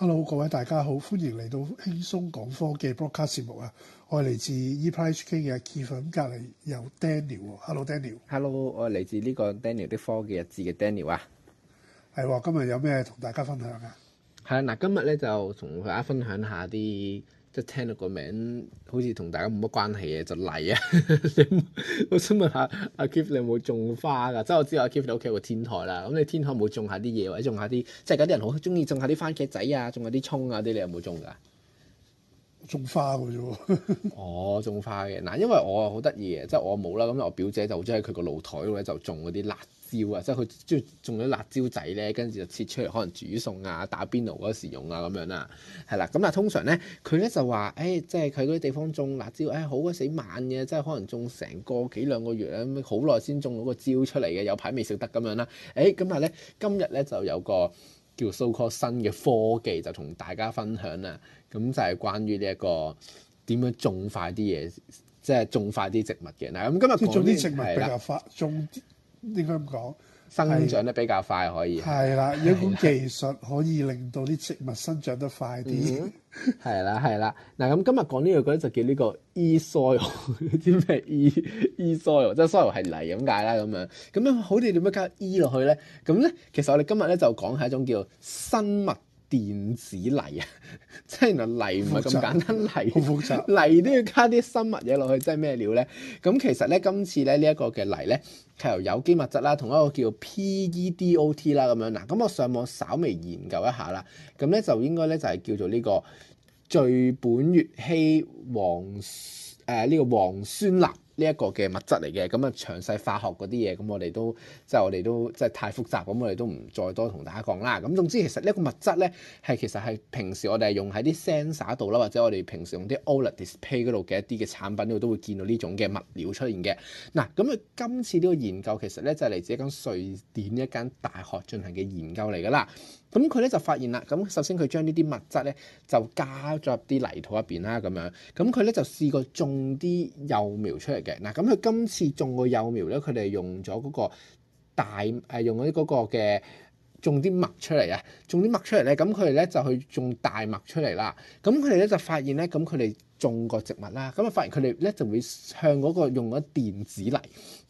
hello，各位大家好，歡迎嚟到輕鬆講科技 broadcast 節目啊！我係嚟自 ePrice HK 嘅 Kevin，隔離有 Daniel。hello，Daniel。hello，Daniel、hello 我係嚟自呢個 Daniel 的科技日誌嘅 Daniel 啊。係喎、啊，今日有咩同大家分享啊？係啊，嗱，今日咧就同大家分享一下啲。即係聽到個名，好似同大家冇乜關係嘅，就嚟啊！ 我想問下阿 Kip，你有冇種花㗎？即係我知道阿 Kip 你屋企有個天台啦，咁你天台有冇種下啲嘢或者種下啲，即係而家啲人好中意種下啲番茄仔啊，種下啲葱啊啲，你有冇種㗎？種花㗎啫喎！哦 ，oh, 種花嘅嗱，因為我好得意嘅，即係我冇啦，咁我表姐就好中意佢個露台嗰啲，就種嗰啲辣椒啊，即係佢鍾意種咗辣椒仔咧，跟住就切出嚟，可能煮餸啊、打邊爐嗰時用啊咁樣啦，係啦。咁啊，通常咧佢咧就話，誒、哎，即係佢嗰啲地方種辣椒，誒、哎，好鬼死慢嘅，即係可能種成個幾兩個月好耐先種到個椒出嚟嘅，有排未食得咁樣啦。誒、哎，咁啊咧，今日咧就有個叫 so call 新嘅科技，就同大家分享啦。咁就係關於呢、這、一個點樣種快啲嘢，即係種快啲植物嘅。嗱，咁今日講啲植物比較快種應該咁講，生長得比較快可以。係啦的，的有一款技術可以令到啲植物生長得快啲。係啦，係啦。嗱，咁今日講呢樣嘢就叫呢、這個 e soil，啲咩 e e soil，即係 so soil 係泥咁解啦，咁樣咁樣好啲點樣加 e 落去咧？咁咧，其實我哋今日咧就講係一種叫生物。電子泥啊，即係原來泥唔係咁簡單，泥泥都要加啲生物嘢落去，即係咩料咧？咁其實咧，今次咧呢一個嘅泥咧係由有機物質啦，同一個叫做 PEDOT 啦咁樣嗱。咁我上網稍微研究一下啦，咁咧就應該咧就係叫做呢個聚苯乙烯磺誒呢個磺酸鈉。呢一個嘅物質嚟嘅，咁啊詳細化學嗰啲嘢，咁我哋都即係我哋都即係太複雜，咁我哋都唔再多同大家講啦。咁總之其，其實呢一個物質咧，係其實係平時我哋係用喺啲 sensor 度啦，或者我哋平時用啲 OLED display 嗰度嘅一啲嘅產品度都會見到呢種嘅物料出現嘅。嗱，咁啊今次呢個研究其實咧就係、係、嚟自一間瑞典一間大學進行嘅研究嚟㗎啦。咁佢咧就發現啦，咁首先佢將呢啲物質咧就加咗入啲泥土入邊啦，咁樣，咁佢咧就試過種啲幼苗出嚟嘅。嗱，咁佢今次種個幼苗咧，佢哋用咗嗰個大誒、啊，用咗嗰個嘅種啲麥出嚟啊，種啲麥出嚟咧，咁佢哋咧就去種大麥出嚟啦。咁佢哋咧就發現咧，咁佢哋。種過植物啦，咁啊，發現佢哋咧就會向嗰個用咗電子泥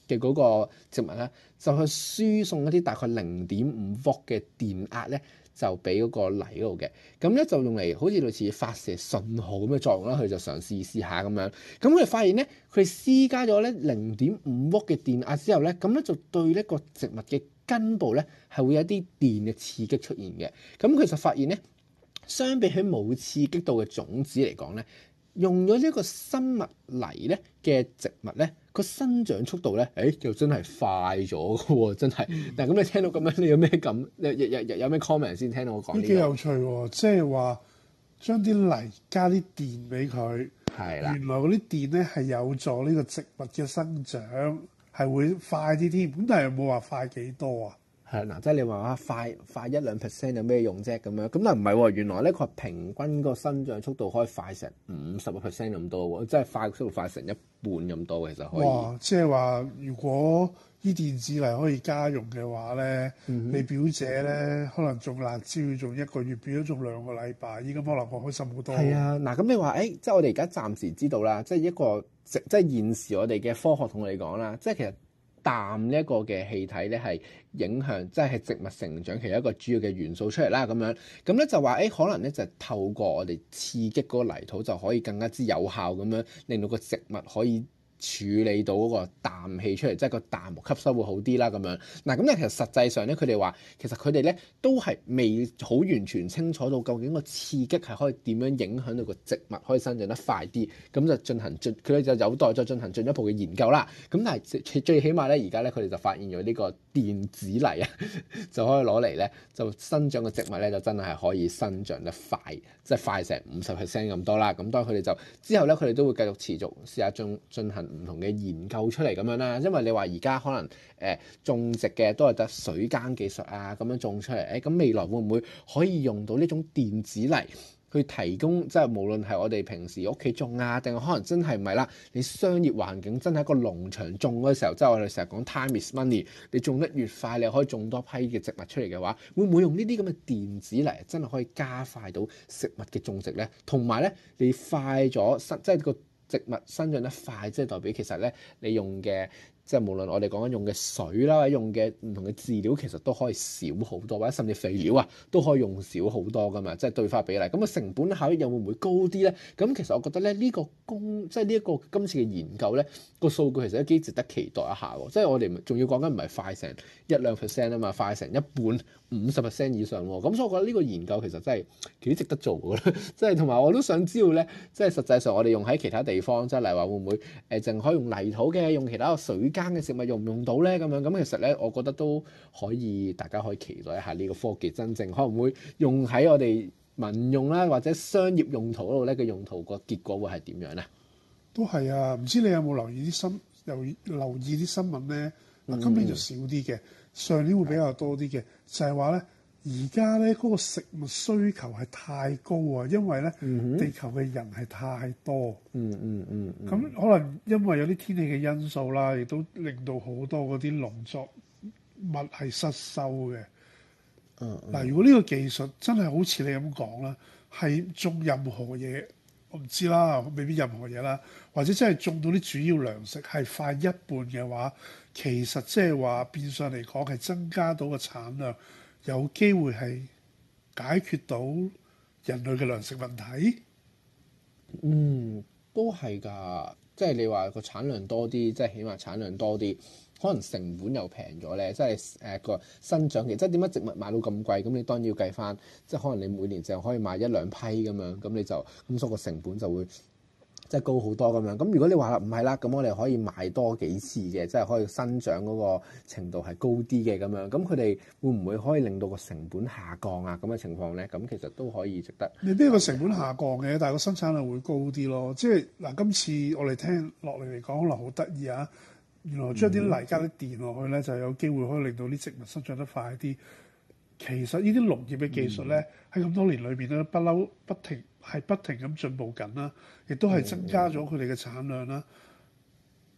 嘅嗰個植物咧，就去輸送一啲大概零點五伏嘅電壓咧，就俾嗰個泥嗰度嘅。咁咧就用嚟好似類似發射信號咁嘅作用啦。佢就嘗試試下咁樣。咁佢哋發現咧，佢施加咗咧零點五伏嘅電壓之後咧，咁咧就對呢個植物嘅根部咧係會有一啲電嘅刺激出現嘅。咁佢就發現咧，相比起冇刺激到嘅種子嚟講咧，用咗呢一個生物泥咧嘅植物咧，個生長速度咧，誒、欸，又真係快咗嘅喎，真係。嗱、嗯，咁你聽到咁樣，你有咩感？你、你、你、有咩 comment 先？聽到我講呢、這個。都幾有趣喎，即係話將啲泥加啲電俾佢，係啦的，原來嗰啲電咧係有助呢個植物嘅生長，係會快啲添。咁但係有冇話快幾多啊？係嗱，即係你話哇，快快一兩 percent 有咩用啫？咁樣咁但唔係喎？原來呢個平均個生長速度可以快成五十個 percent 咁多喎，即係快速度快成一半咁多其實可以。即係話如果依電子嚟可以家用嘅話咧，嗯、哼你表姐咧可能做辣椒要做一個月變咗做兩個禮拜，依家幫阿婆開心好多。係啊，嗱咁你話誒、欸，即係我哋而家暫時知道啦，即係一個即係現時我哋嘅科學同你講啦，即係其實。氮呢一個嘅氣體咧係影響，即係植物成長其中一個主要嘅元素出嚟啦。咁樣，咁咧就話誒，可能咧就透過我哋刺激嗰個泥土就可以更加之有效咁樣令到個植物可以。處理到嗰個氮氣出嚟，即係個氮吸收會好啲啦咁樣。嗱咁咧，其實實際上咧，佢哋話其實佢哋咧都係未好完全清楚到究竟個刺激係可以點樣影響到個植物可以生長得快啲，咁就進行進佢哋就有待再進行進一步嘅研究啦。咁但係最起碼咧，而家咧佢哋就發現咗呢個電子泥啊， 就可以攞嚟咧就生長嘅植物咧就真係可以生長得快，即係快成五十 percent 咁多啦。咁當佢哋就之後咧佢哋都會繼續持續試下進進行。唔同嘅研究出嚟咁樣啦，因為你話而家可能誒、呃、種植嘅都係得水耕技術啊咁樣種出嚟，誒、欸、咁未來會唔會可以用到呢種電子泥去提供，即、就、係、是、無論係我哋平時屋企種啊，定係可能真係唔係啦，你商業環境真係一個農場種嗰時候，即、就、係、是、我哋成日講 time is money，你種得越快，你可以種多批嘅植物出嚟嘅話，會唔會用呢啲咁嘅電子泥真係可以加快到食物嘅種植咧？同埋咧，你快咗，即係個。植物生長得快，即係代表其實咧，你用嘅即係無論我哋講緊用嘅水啦，用嘅唔同嘅飼料其實都可以少好多或者甚至肥料啊都可以用少好多噶嘛，即係對翻比例。咁個成本效益又會唔會高啲咧？咁其實我覺得咧，呢個工，即係呢一個今次嘅研究咧，個數據其實都幾值得期待一下喎。即係我哋仲要講緊唔係快成一兩 percent 啊嘛，快成一半。五十 percent 以上喎，咁所以我覺得呢個研究其實真係幾值得做嘅，即係同埋我都想知道咧，即係實際上我哋用喺其他地方，即係例如話會唔會誒淨可以用泥土嘅，用其他水耕嘅食物用唔用到咧？咁樣咁其實咧，我覺得都可以，大家可以期待一下呢個科技真正可能會用喺我哋民用啦，或者商業用途度咧嘅用途個結果會係點樣咧？都係啊，唔知你有冇留意啲新留留意啲新聞咧？今年就少啲嘅，上年會比較多啲嘅，就係話咧，而家咧嗰個食物需求係太高啊，因為咧地球嘅人係太多，嗯嗯嗯，咁、嗯嗯嗯、可能因為有啲天氣嘅因素啦，亦都令到好多嗰啲農作物係失收嘅。嗱、嗯，嗯、如果呢個技術真係好似你咁講啦，係種任何嘢。我唔知啦，未必任何嘢啦，或者真係種到啲主要糧食係快一半嘅話，其實即係話變相嚟講係增加到個產量，有機會係解決到人類嘅糧食問題。嗯，都係㗎，即係你話個產量多啲，即係起碼產量多啲。可能成本又平咗咧，即係誒個生長期，即係點解植物買到咁貴？咁你當然要計翻，即係可能你每年就可以買一兩批咁樣，咁你就咁所以個成本就會即係高好多咁樣。咁如果你話唔係啦，咁我哋可以買多幾次嘅，即係可以生長嗰個程度係高啲嘅咁樣。咁佢哋會唔會可以令到個成本下降啊？咁嘅情況咧，咁其實都可以值得。未必個成本下降嘅，但係個生產量會高啲咯。即係嗱，今次我哋聽落嚟嚟講，可能好得意啊！原來將啲泥加啲電落去咧，嗯、就有機會可以令到啲植物生長得快啲。其實農呢啲農業嘅技術咧，喺咁、嗯、多年裏邊咧，不嬲不停係不停咁進步緊啦，亦都係增加咗佢哋嘅產量啦。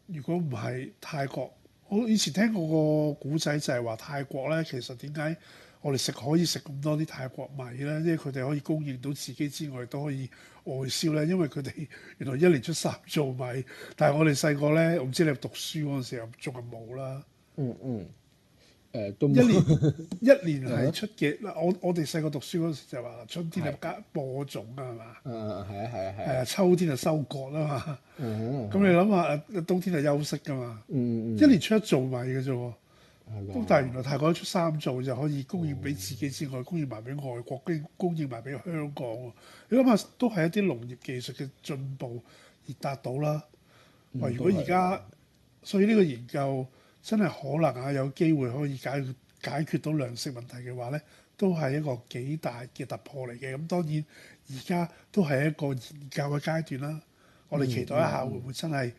嗯、如果唔係泰國，我以前聽過個古仔就係話泰國咧，其實點解？我哋食可以食咁多啲泰國米咧，即係佢哋可以供應到自己之外都可以外銷咧，因為佢哋原來一年出三造米，但係我哋細個咧，我唔知你讀書嗰陣時仲係冇啦。嗯嗯，誒、呃、一年一年係出嘅。嗱， 我我哋細個讀書嗰時就話春天啊，耕播種啊，係嘛的？嗯啊係啊係啊，秋天就收割啦嘛。咁、嗯嗯、你諗下冬天係休息㗎嘛？嗯嗯、一年出一造米嘅啫喎。都但係原來泰國一出三造就可以供應俾自己之外，嗯、供應埋俾外國，供供應埋俾香港。你諗下，都係一啲農業技術嘅進步而達到啦。哇、嗯！如果而家，嗯、所以呢個研究真係可能啊，有機會可以解解決到糧食問題嘅話咧，都係一個幾大嘅突破嚟嘅。咁、嗯、當然而家都係一個研究嘅階段啦。我哋期待一下會唔會真係？嗯嗯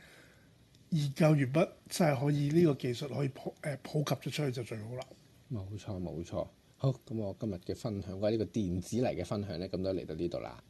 研究完畢，真係可以呢個技術可以普誒普及咗出去就最好啦。冇錯，冇錯。好，咁我今日嘅分享，關於呢個電子嚟嘅分享呢，咁都嚟到呢度啦。